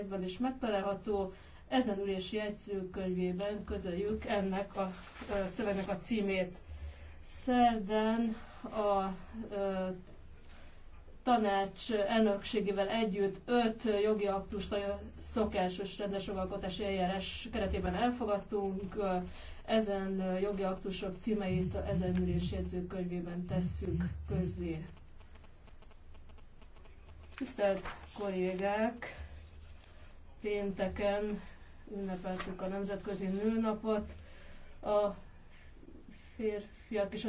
jegyzőkönyvekben is megtalálható. Ezen ülési jegyzőkönyvében közöljük ennek a szövegnek a címét. Szerdán a tanács elnökségével együtt öt jogi aktust a szokásos rendes jogalkotási eljárás keretében elfogadtunk. Ezen jogi aktusok címeit ezen ülési jegyzőkönyvében tesszük közzé. Tisztelt kollégák! Pénteken ünnepeltük a Nemzetközi Nőnapot. A férfiak és a